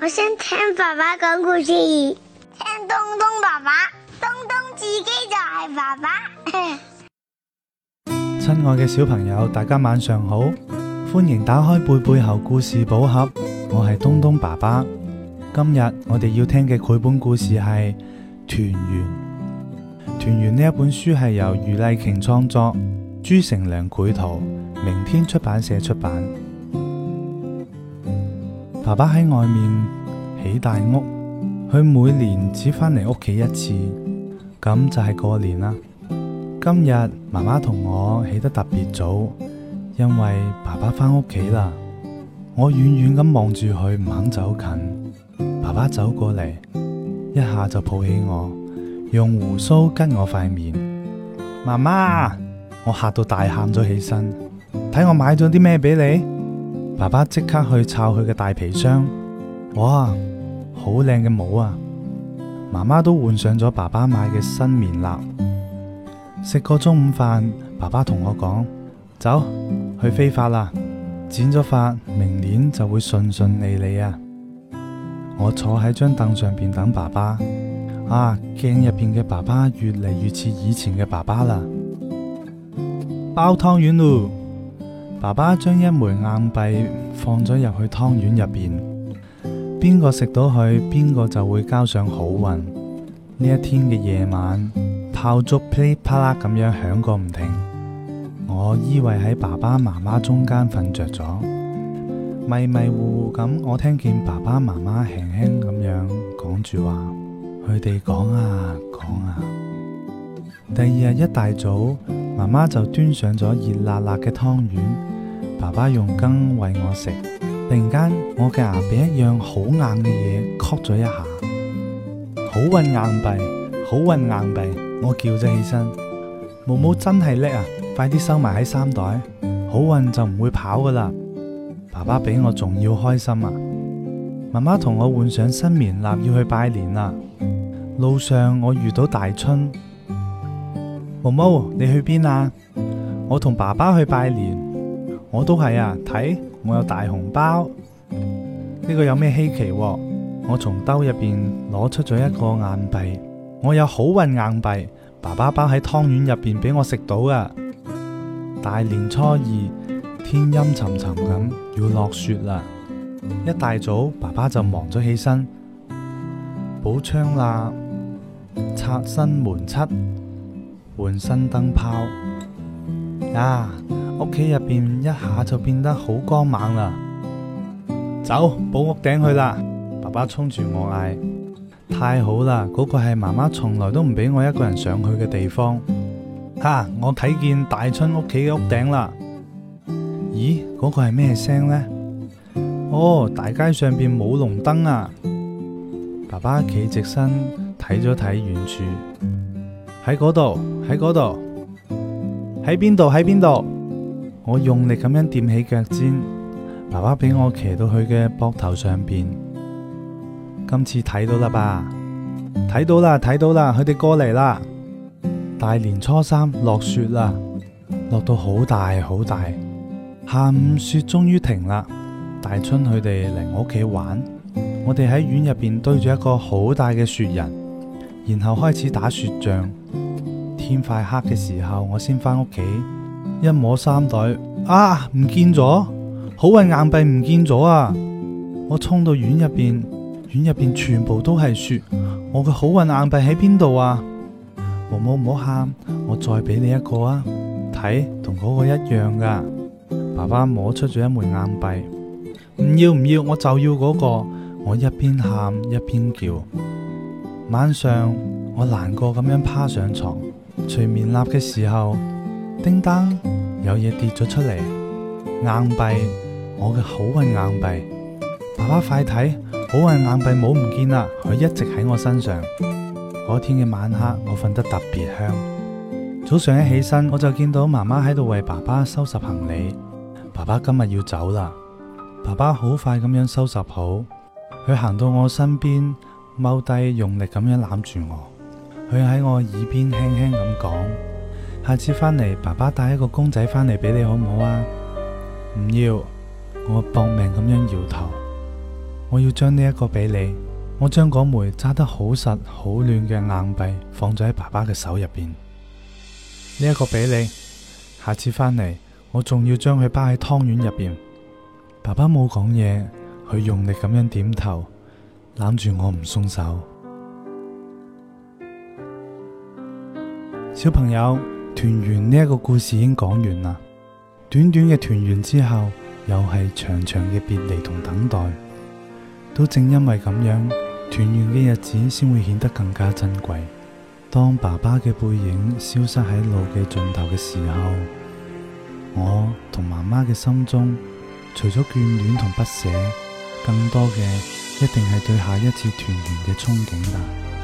我想聽爸爸講故事，聽東東爸爸，東東自己就係爸爸。 親愛嘅小朋友，大家晚上好，歡迎打開貝貝猴故事寶盒，我係東東爸爸。今日我哋要聽嘅繪本故事係團圓。團圓呢一本書係由余麗瓊創作。朱成梁繪圖，明天出版社出版。爸爸喺外面起大屋，佢每年只返嚟屋企一次，咁就係過年啦。今日媽媽同我起得特別早，因為爸爸翻屋企啦。我遠遠咁望住佢，唔肯走近。爸爸走過嚟，一下就抱起我，用鬍鬚跟我塊面。媽媽。我嚇到大喊咗起身，睇我買咗啲咩俾你。爸爸即刻去抄佢嘅大皮箱，哇，好靚嘅帽啊！媽媽都換上咗爸爸買嘅新棉笠。食過中午飯，爸爸同我講：走，去飛髮啦，剪咗髮，明年就會順順利利啊！我坐喺張凳上邊等爸爸。啊，鏡入邊嘅爸爸越嚟越似以前嘅爸爸啦。包湯圓咯！爸爸將一枚硬幣放咗入去湯圓入邊，邊個食到佢，邊個就會交上好運。呢一天嘅夜晚，炮竹噼里啪啦咁樣響個唔停。我依偎喺爸爸媽媽中間瞓着咗，迷迷糊糊咁，我聽見爸爸媽媽輕輕咁樣講住話，佢哋講啊講啊。第二日一大早。媽媽就端上咗熱辣辣嘅湯圓，爸爸用羹，喂我食。突然間，我嘅牙畀一樣好硬嘅嘢，磕咗一下，好運硬幣，好運硬幣，我叫咗起身。毛毛真係叻啊！快啲收埋喺衫袋，好運就唔會跑噶啦。爸爸比我仲要開心啊！媽媽同我換上新棉衲，要去拜年啦。路上我遇到大春。毛毛，你去邊啊？我同爸爸去拜年，我都係啊。睇我有大紅包。呢個有咩稀奇啊？我從兜入邊攞出咗一個硬幣，我有好運硬幣。爸爸包喺湯圓入邊俾我食到啊！大年初二，天陰沉沉咁，要落雪啦。一大早，爸爸就忙咗起身，補窗啦，刷新門漆。換新燈泡啊！屋企入邊一下就變得好光猛啦！走，補屋頂去啦！爸爸衝住我嗌：太好啦！嗰個係媽媽從來都唔俾我一個人上去嘅地方。吓，我睇見大春屋企嘅屋頂啦！咦？嗰個係咩聲呢？哦，大街上邊舞龍燈啊！爸爸企直身睇咗睇遠處。喺嗰度，喺嗰度，喺邊度？喺邊度？我用力咁樣踮起腳尖，爸爸俾我騎到佢嘅膊頭上邊。今次睇到啦吧？睇到啦，睇到啦，佢哋過嚟啦。大年初三落雪啦，落到好大好大。下午雪終於停啦，大春佢哋嚟我屋企玩，我哋喺院入邊堆住一個好大嘅雪人。然後開始打雪仗，天快黑嘅時候，我先翻屋企，一摸衫袋，啊，唔見咗！好運硬幣唔見咗啊！我衝到院入邊，院入邊全部都係雪，我嘅好運硬幣喺邊度啊？唔好唔好喊，我再俾你一個啊！睇，同嗰個一樣噶。爸爸摸出咗一枚硬幣，唔要唔要，我就要嗰個。我一邊喊一邊叫。晚上我難過咁樣趴上床，隨面立嘅時候，叮當，有嘢跌咗出嚟，硬幣，我嘅好運硬幣，爸爸快睇，好運硬幣冇唔見啦，佢一直喺我身上。嗰天嘅晚黑，我瞓得特別香。早上一起身，我就見到媽媽喺度為爸爸收拾行李，爸爸今日要走啦。爸爸好快咁樣收拾好，佢行到我身邊。踎低，用力咁樣攬住我，佢喺我耳邊輕輕咁講：下次返嚟，爸爸帶一個公仔返嚟俾你好好，好唔好啊？唔要，我搏命咁樣搖頭。我要將呢一個俾你，我將嗰枚揸得好實好暖嘅硬幣放咗喺爸爸嘅手入邊。呢、呢、一個俾你，下次返嚟，我仲要將佢包喺湯圓入邊。爸爸冇講嘢，佢用力咁樣點頭，攬住我唔鬆手，小朋友，團圓呢一個故事已經講完啦。短短嘅團圓之後，又係長長嘅別離同等待，都正因為咁樣，團圓嘅日子先會顯得更加珍貴。當爸爸嘅背影消失喺路嘅盡頭嘅時候，我同媽媽嘅心中，除咗眷戀同不捨，更多嘅。一定係對下一次團圓嘅憧憬吧？